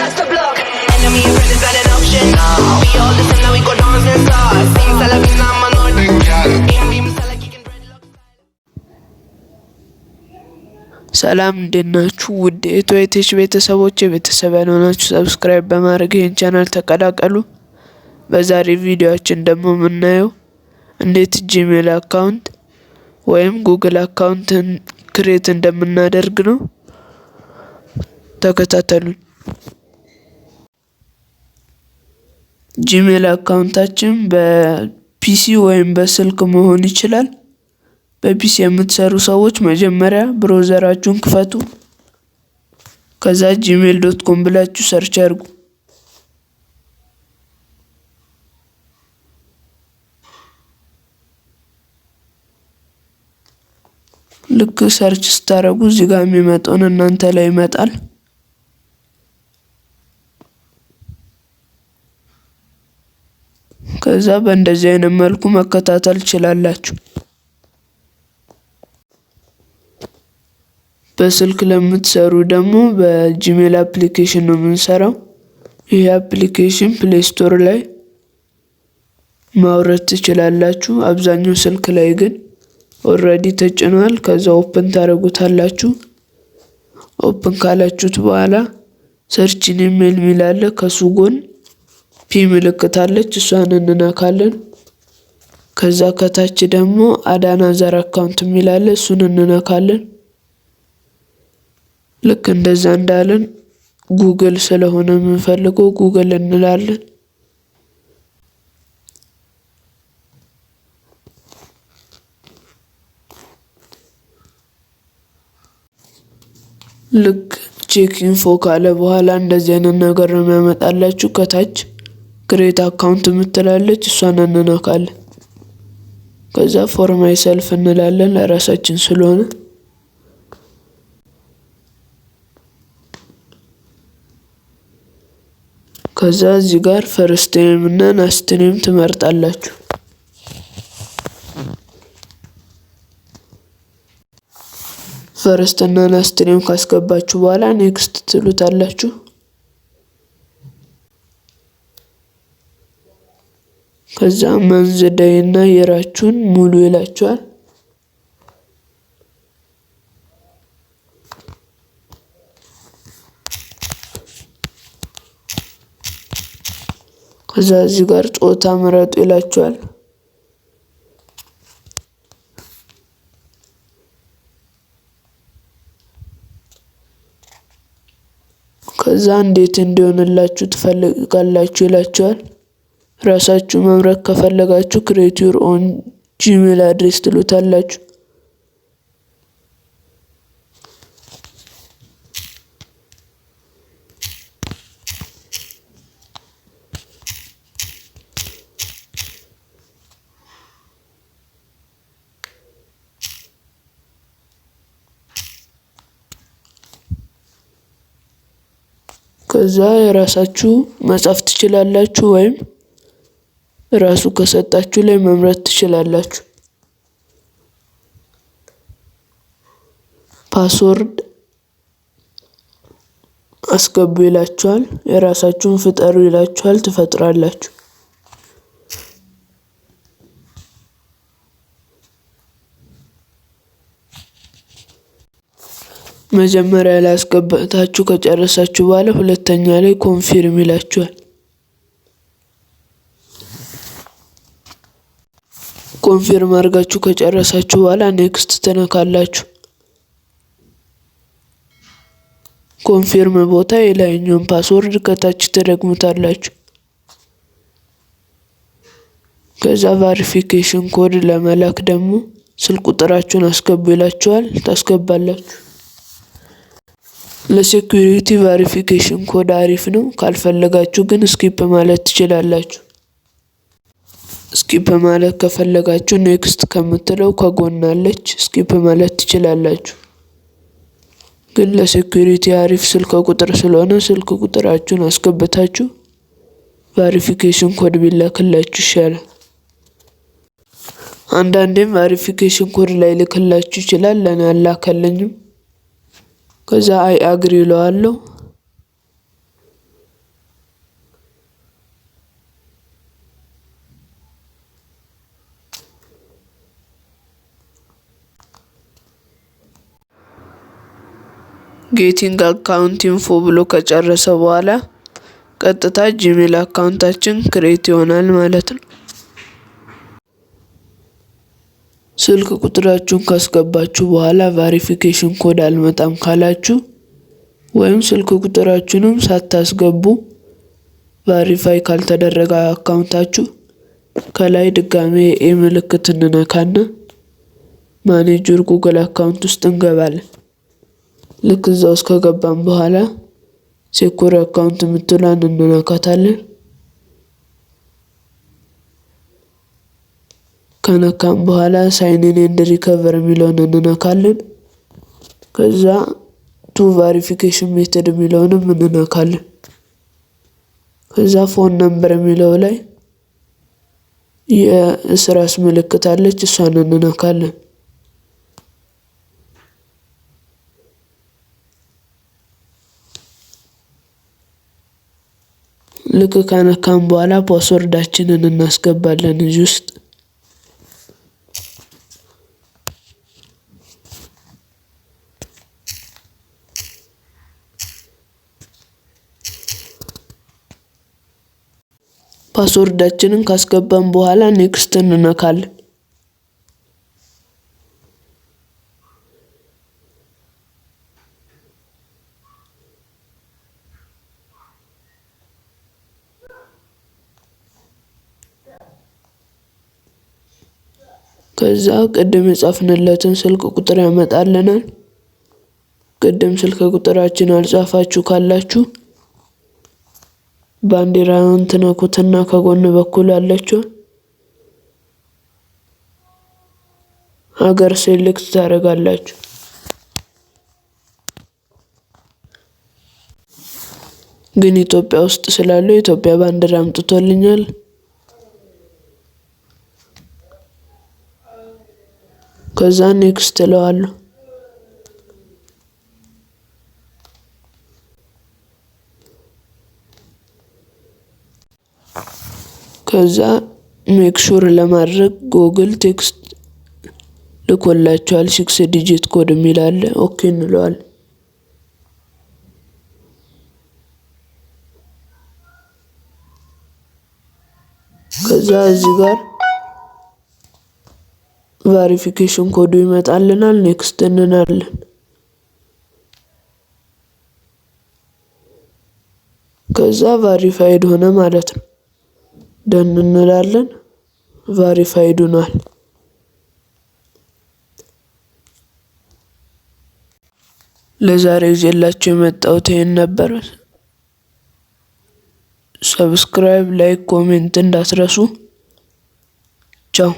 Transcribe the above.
that's the block Enemy and friend is not an option now We all listen now we go dance and stars Sing Salavina, I'm a Northern gal In beam, Salah kicking dreadlock ሰላም እንዴት ናችሁ? ውድ ኢትዮቴች ቤተሰቦች የቤተሰብ ያልሆናችሁ ሰብስክራይብ በማድረግ ይህን ቻናል ተቀላቀሉ። በዛሬ ቪዲዮችን ደግሞ የምናየው እንዴት ጂሜል አካውንት ወይም ጉግል አካውንትን ክሬት እንደምናደርግ ነው። ተከታተሉን። ጂሜል አካውንታችን በፒሲ ወይም በስልክ መሆን ይችላል። በፒሲ የምትሰሩ ሰዎች መጀመሪያ ብሮዘራችሁን ክፈቱ። ከዛ ጂሜል ዶት ኮም ብላችሁ ሰርች አድርጉ። ልክ ሰርች ስታደርጉ እዚህ ጋር የሚመጣውን እናንተ ላይ ይመጣል። ከዛ በእንደዚህ አይነት መልኩ መከታተል ትችላላችሁ። በስልክ ለምትሰሩ ደግሞ በጂሜል አፕሊኬሽን ነው የምንሰራው። ይህ አፕሊኬሽን ፕሌይ ስቶር ላይ ማውረድ ትችላላችሁ። አብዛኛው ስልክ ላይ ግን ኦልሬዲ ተጭኗል። ከዛ ኦፕን ታደርጉታላችሁ። ኦፕን ካላችሁት በኋላ ሰርችን ኢሜል የሚል አለ ከሱ ጎን ፒ ምልክት አለች። እሷን እንነካለን። ከዛ ከታች ደግሞ አዳና ዘር አካውንት የሚላለ እሱን እንነካለን። ልክ እንደዛ እንዳለን ጉግል ስለሆነ የምንፈልገው ጉግል እንላለን። ልክ ቼክ ኢንፎ ካለ በኋላ እንደዚህ አይነት ነገር ነው የሚያመጣላችሁ ከታች ክሬት አካውንት የምትላለች እሷን እንነካለን። ከዛ ፎርማይ ሰልፍ እንላለን ለራሳችን ስለሆነ ከዛ እዚህ ጋር ፈርስት ኔም እና ናስት ኔም ትመርጣላችሁ። ፈርስት እና ኔም ካስገባችሁ በኋላ ኔክስት ትሉታላችሁ። ከዛ መንዝዳይና የራችሁን ሙሉ ይላችኋል። ከዛ እዚህ ጋር ጾታ ምረጡ ይላችኋል። ከዛ እንዴት እንዲሆንላችሁ ትፈልጋላችሁ ይላችኋል። ራሳችሁ መምረክ ከፈለጋችሁ ክሬት ዩር ኦን ጂሜል አድሬስ ትሉታላችሁ። ከዛ የራሳችሁ መጻፍ ትችላላችሁ ወይም ራሱ ከሰጣችሁ ላይ መምረጥ ትችላላችሁ። ፓስወርድ አስገቡ ይላችኋል። የራሳችሁን ፍጠሩ ይላችኋል። ትፈጥራላችሁ። መጀመሪያ ላይ አስገብታችሁ ከጨረሳችሁ በኋላ ሁለተኛ ላይ ኮንፊርም ይላችኋል። ኮንፊርም አድርጋችሁ ከጨረሳችሁ በኋላ ኔክስት ትነካላችሁ። ኮንፊርም ቦታ የላይኛውን ፓስወርድ ከታች ትደግሙታላችሁ። ከዛ ቫሪፊኬሽን ኮድ ለመላክ ደግሞ ስልክ ቁጥራችሁን አስገቡ ይላችኋል። ታስገባላችሁ። ለሴኩሪቲ ቫሪፊኬሽን ኮድ አሪፍ ነው። ካልፈለጋችሁ ግን ስኪፕ ማለት ትችላላችሁ። ስኪፕ ማለት ከፈለጋችሁ ኔክስት ከምትለው ከጎናለች ስኪፕ ማለት ትችላላችሁ። ግን ለሴኩሪቲ አሪፍ ስልክ ቁጥር ስለሆነ ስልክ ቁጥራችሁን አስገብታችሁ ቫሪፊኬሽን ኮድ ቢላክላችሁ ይሻላል። አንዳንዴም ቫሪፊኬሽን ኮድ ላይ ልክላችሁ ይችላል። ለእኔ አላከልኝም። ከዛ አይ አግሪ ይለዋለሁ። ጌቲንግ አካውንት ኢንፎ ብሎ ከጨረሰ በኋላ ቀጥታ ጂሜል አካውንታችን ክሬት ይሆናል ማለት ነው። ስልክ ቁጥራችሁን ካስገባችሁ በኋላ ቫሪፊኬሽን ኮድ አልመጣም ካላችሁ ወይም ስልክ ቁጥራችሁንም ሳታስገቡ ቫሪፋይ ካልተደረገ አካውንታችሁ ከላይ ድጋሜ ምልክት እንነካና ማኔጀር ጉግል አካውንት ውስጥ እንገባለን። ልክ እዛ ውስጥ ከገባን በኋላ ሴኩር አካውንት የምትላን እንነካታለን። ከነካም በኋላ ሳይንን ኤንድ ሪከቨር የሚለውን እንነካለን። ከዛ ቱ ቫሪፊኬሽን ሜተድ የሚለውንም እንነካለን። ከዛ ፎን ነምበር የሚለው ላይ የእስራስ ምልክት አለች፣ እሷን እንነካለን። ልክ ከነካን በኋላ ፓስወርዳችንን እናስገባለን እዚህ ውስጥ ፓስወርዳችንን ካስገባን በኋላ ኔክስት እንነካለን። ከዛ ቅድም የጻፍንለትን ስልክ ቁጥር ያመጣልናል። ቅድም ስልክ ቁጥራችን አልጻፋችሁ ካላችሁ ባንዲራውን ትነኩትና ከጎን በኩል አለችው ሀገር ሴሌክት ታደርጋላችሁ። ግን ኢትዮጵያ ውስጥ ስላለው የኢትዮጵያ ባንዲራ አምጥቶልኛል። ከዛ ኔክስት እለዋለሁ። ከዛ ሜክሹር ለማድረግ ጎግል ቴክስት ልኮላቸዋል ሲክስ ዲጂት ኮድ የሚላለ ኦኬ እንለዋል። ከዛ እዚህ ጋር ቫሪፊኬሽን ኮዱ ይመጣልናል። ኔክስት እንናለን። ከዛ ቫሪፋይድ ሆነ ማለት ነው። ደን እንላለን። ቫሪፋይድ ሆኗል። ለዛሬ ይዤላችሁ የመጣሁት ይሄን ነበር። ሰብስክራይብ፣ ላይክ፣ ኮሜንት እንዳትረሱ። ቻው